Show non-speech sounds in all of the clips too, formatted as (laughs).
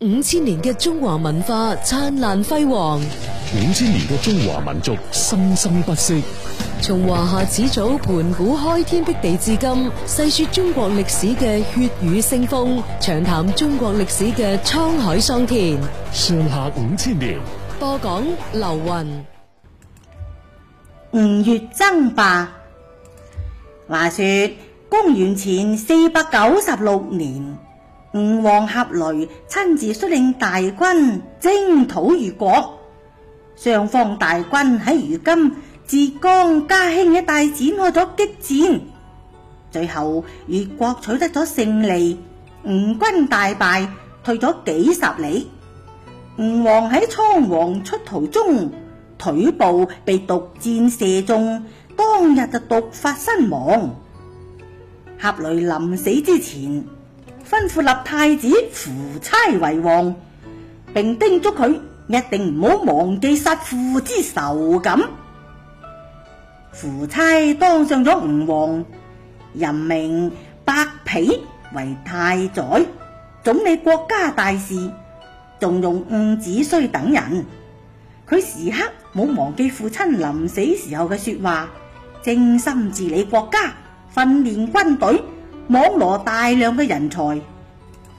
五千年嘅中華文化燦爛輝煌，五千年嘅中華民族生生不息。從華夏始祖盤古開天闢地至今，細說中國歷史嘅血雨腥風，長談中國歷史嘅滄海桑田。上下五千年，播講劉雲。吳越爭霸。話說公元前四百九十六年。吳王闔閭親自率領大軍征討越國，雙方大軍喺如今浙江嘉興一帶展開咗激戰，最後越國取得咗勝利，吳軍大敗，退咗幾十里。吳王喺倉皇出逃中，腿部被毒箭射中，當日就毒發身亡。闔閭臨死之前。吩咐立太子夫差為王，並叮囑佢一定唔好忘記殺父之仇咁。夫差當上咗吳王，任命伯嚭為太宰，總理國家大事，仲用伍子胥等人。佢時刻冇忘記父親臨死時候嘅說話，精心治理國家，訓練軍隊。網羅大量嘅人才，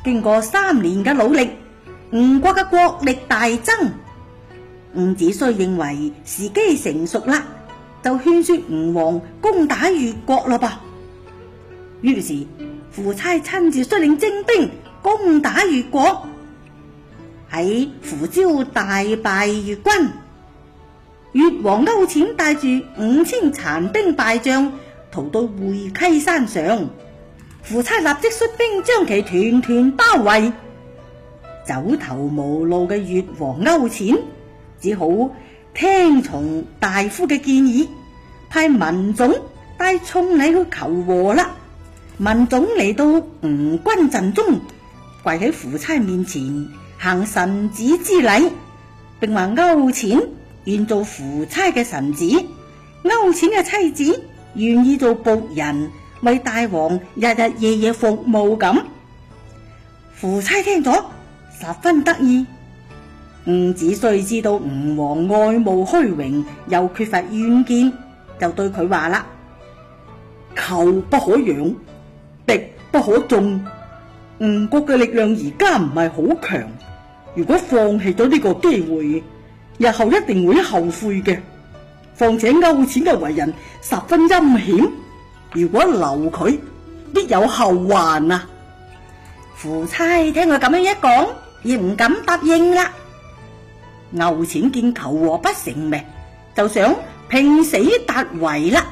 經過三年嘅努力，吳國嘅國力大增。伍子胥認為時機成熟啦，就勸說吳王攻打越國咯。噃，於是夫差親自率領精兵攻打越國，喺夫椒大敗越軍。越王勾踐帶住五千殘兵敗將，逃到會稽山上。夫差立即率兵將其團團包圍，走投無路嘅越王勾踐只好聽從大夫嘅建議，派文種帶重禮去求和啦。文種嚟到吳軍陣中，跪喺夫差面前行臣子之禮，並話勾踐願做夫差嘅臣子，勾踐嘅妻子願意做僕人。為大王日日夜夜服務咁，夫差聽咗十分得意。伍子胥知道吳王愛慕虛榮又缺乏遠見，就對佢話啦：求不可養，敵不可縱。吳國嘅力量而家唔係好強，如果放棄咗呢個機會，日後一定會後悔嘅。況且勾踐嘅為人十分陰險。如果留佢，必有後患啊！夫差聽佢咁樣一講，亦唔敢答應啦。勾踐見求和不成咪，就想拼死突圍啦。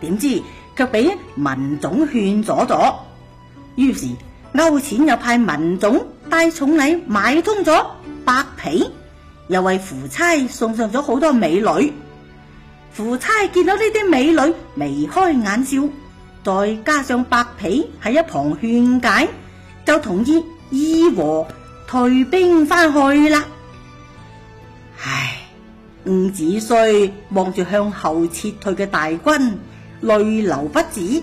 點知卻俾文種勸阻咗。於是勾踐又派文種帶重禮買通咗伯嚭，又為夫差送上咗好多美女。夫差見到呢啲美女，眉開眼笑，再加上伯嚭喺一旁勸解，就同意議和退兵翻去啦。唉，伍子胥望住向後撤退嘅大軍，淚流不止。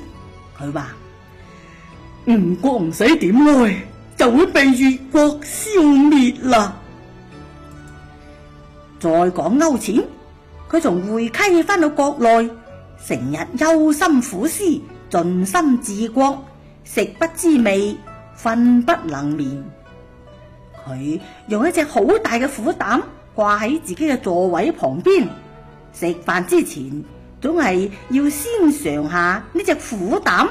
佢話吳國唔使點耐，就會被越國消滅啦。再講勾踐。佢從會稽翻到國內，成日憂心苦思，盡心治國，食不知味，瞓不能眠。佢用一隻好大嘅苦膽掛喺自己嘅座位旁邊，食飯之前總係要先嘗下呢隻苦膽，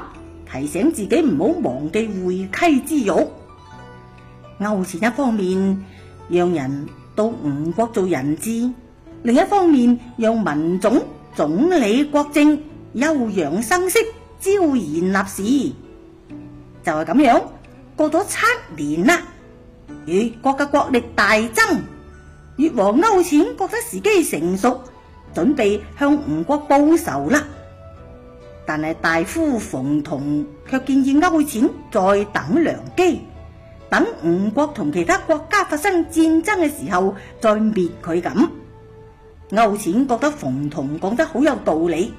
提醒自己唔好忘記會稽之辱。勾踐一方面讓人到吳國做人質。另一方面，讓文種總理國政，休養生息，招賢納士，就係、是、咁樣過咗七年啦。越國嘅國力大增，越王勾踐覺得時機成熟，準備向吳國報仇啦。但係大夫逢同卻建議勾踐再等良機，等吳國同其他國家發生戰爭嘅時候再滅佢咁。勾踐覺得馮同講得好有道理，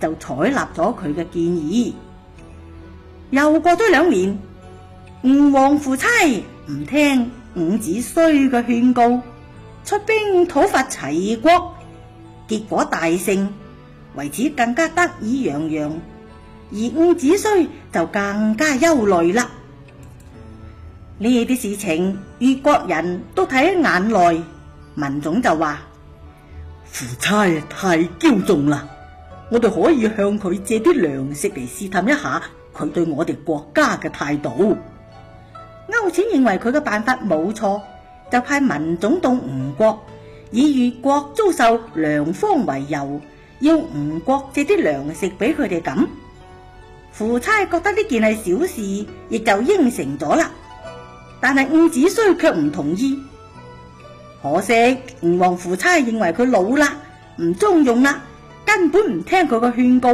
就採納咗佢嘅建議。又過咗兩年，吳王夫差唔聽伍子胥嘅勸告，出兵討伐齊國，結果大勝，為此更加得意洋洋。而伍子胥就更加憂慮啦。呢啲事情，越國人都睇喺眼內，文種就話。夫差太驕縱啦，我哋可以向佢借啲糧食嚟試探一下佢對我哋國家嘅態度。勾踐認為佢嘅辦法冇錯，就派文種到吳國，以越國遭受糧荒為由，要吳國借啲糧食俾佢哋咁。夫差覺得呢件係小事，亦就應承咗啦。但係伍子胥卻唔同意。可惜吳王夫差認為佢老啦，唔中用啦，根本唔聽佢個勸告，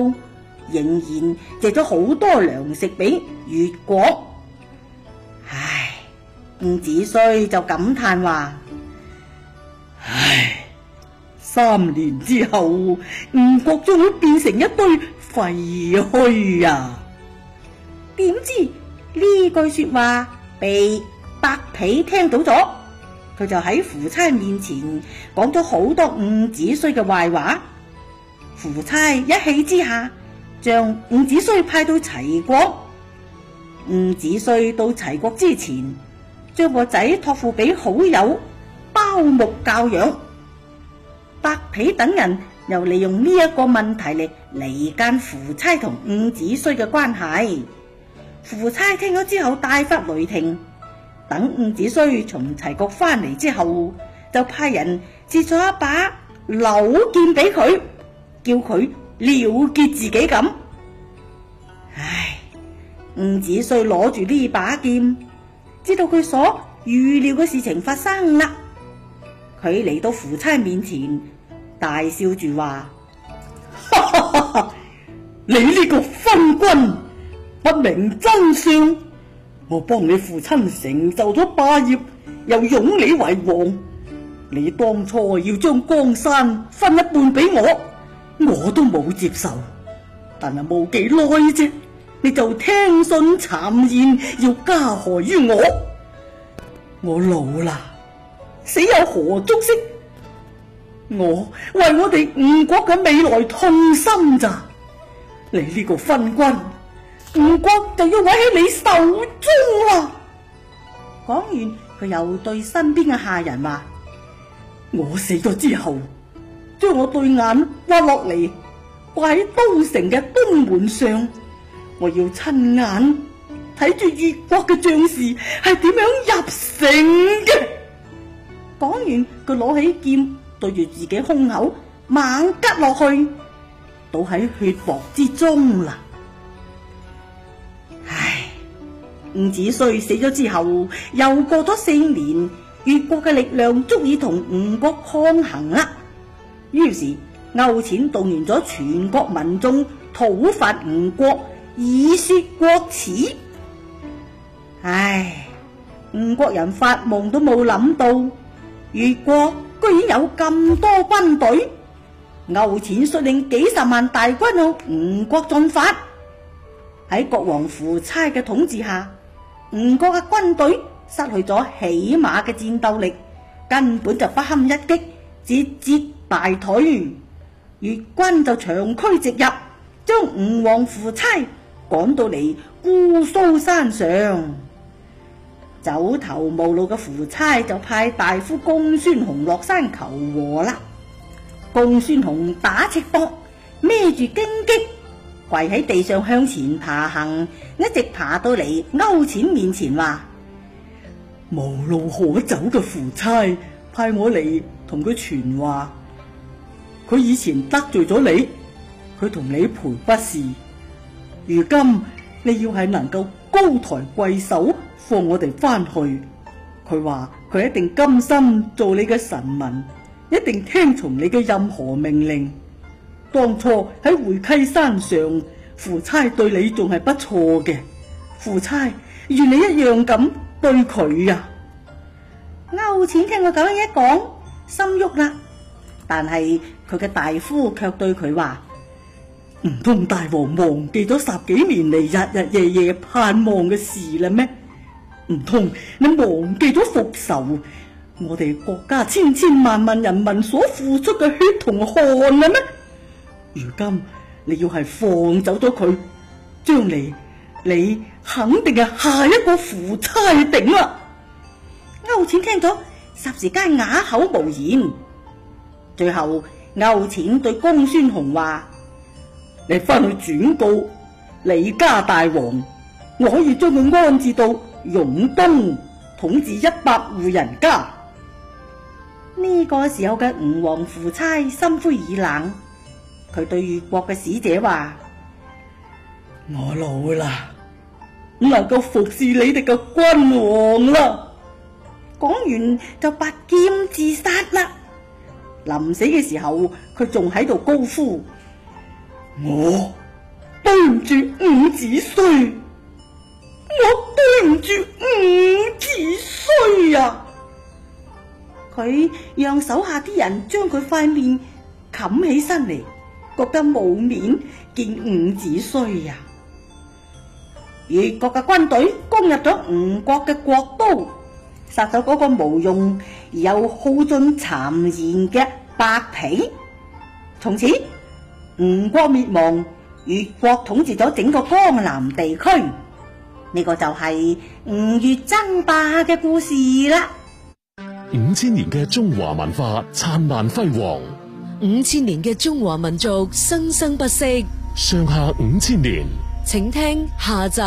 仍然借咗好多糧食俾越國。唉，伍子胥就感嘆話：唉，三年之後吳國將會變成一堆廢墟啊！點知呢句說話被白皮聽到咗。佢就喺夫差面前講咗好多伍子胥嘅壞話，夫差一氣之下將伍子胥派到齊國。伍子胥到齊國之前，將個仔託付俾好友包木教養。白皮等人又利用呢一個問題嚟離間夫差同伍子胥嘅關係。夫差聽咗之後大發雷霆。等伍子胥從齊國翻嚟之後，就派人接咗一把柳劍俾佢，叫佢了結自己咁。唉，伍子胥攞住呢把劍，知道佢所預料嘅事情發生啦。佢嚟到夫差面前，大笑住話： (laughs) (laughs) 你呢個昏君不明真相！我幫你父親成就咗霸業，又擁你為王。你當初要將江山分一半俾我，我都冇接受。但係冇幾耐啫，你就聽信讒言，要加害於我。我老啦，死有何足惜？我為我哋吳國嘅未來痛心咋！你呢個昏君！吳國就要毀喺你手中啦！講完，佢又對身邊嘅下人話：我死咗之後，將我對眼挖落嚟掛喺都城嘅東門上，我要親眼睇住越國嘅將士係點樣入城嘅。講完，佢攞起劍對住自己胸口猛吉落去，倒喺血泊之中啦。伍子胥死咗之後，又過咗四年，越國嘅力量足以同吳國抗衡啦。於是勾踐動員咗全國民眾討伐吳國，以雪國恥。唉，吳國人發夢都冇諗到，越國居然有咁多軍隊。勾踐率領幾十萬大軍向吳國進發，喺國王夫差嘅統治下。吳國嘅軍隊失去咗起碼嘅戰鬥力，根本就不堪一擊，節節敗退。越軍就長驅直入，將吳王夫差趕到嚟姑蘇山上。走投無路嘅夫差就派大夫公孫雄落山求和啦。公孫雄打赤膊，孭住荊棘。跪喺地上向前爬行，一直爬到嚟勾踐面前話：無路可走嘅夫差派我嚟同佢傳話，佢以前得罪咗你，佢同你賠不是。如今你要係能夠高抬貴手放我哋翻去，佢話佢一定甘心做你嘅臣民，一定聽從你嘅任何命令。當初喺回溪山上，夫差對你仲係不錯嘅。夫差，如你一樣咁對佢啊？勾踐聽我咁樣一講，心郁啦。但係佢嘅大夫卻對佢話：唔通大王忘記咗十幾年嚟日日夜夜盼望嘅事啦咩？唔通你忘記咗復仇？我哋國家千千萬萬人民所付出嘅血同汗啦咩？如今你要係放走咗佢，將來你肯定係下一個夫差定啦。勾踐聽咗，霎時間啞口無言。最後，勾踐對公孫雄話：你翻去轉告李家大王，我可以將佢安置到甬東，統治一百戶人家。呢個時候嘅吳王夫差心灰意冷。佢對越國嘅使者話：我老啦，唔能夠服侍你哋嘅君王啦。講完就拔劍自殺啦。臨死嘅時候，佢仲喺度高呼：我,我對唔住伍子胥，我對唔住伍子胥啊！佢讓手下啲人將佢塊面冚起身嚟。覺得冇面見伍子胥呀！越國嘅軍隊攻入咗吳國嘅國都，殺咗嗰個無用又好進讒言嘅伯嚭。從此，吳國滅亡，越國統治咗整個江南地區。呢、這個就係吳越爭霸嘅故事啦。五千年嘅中華文化燦爛輝煌。五千年嘅中華民族生生不息，上下五千年，請聽下集。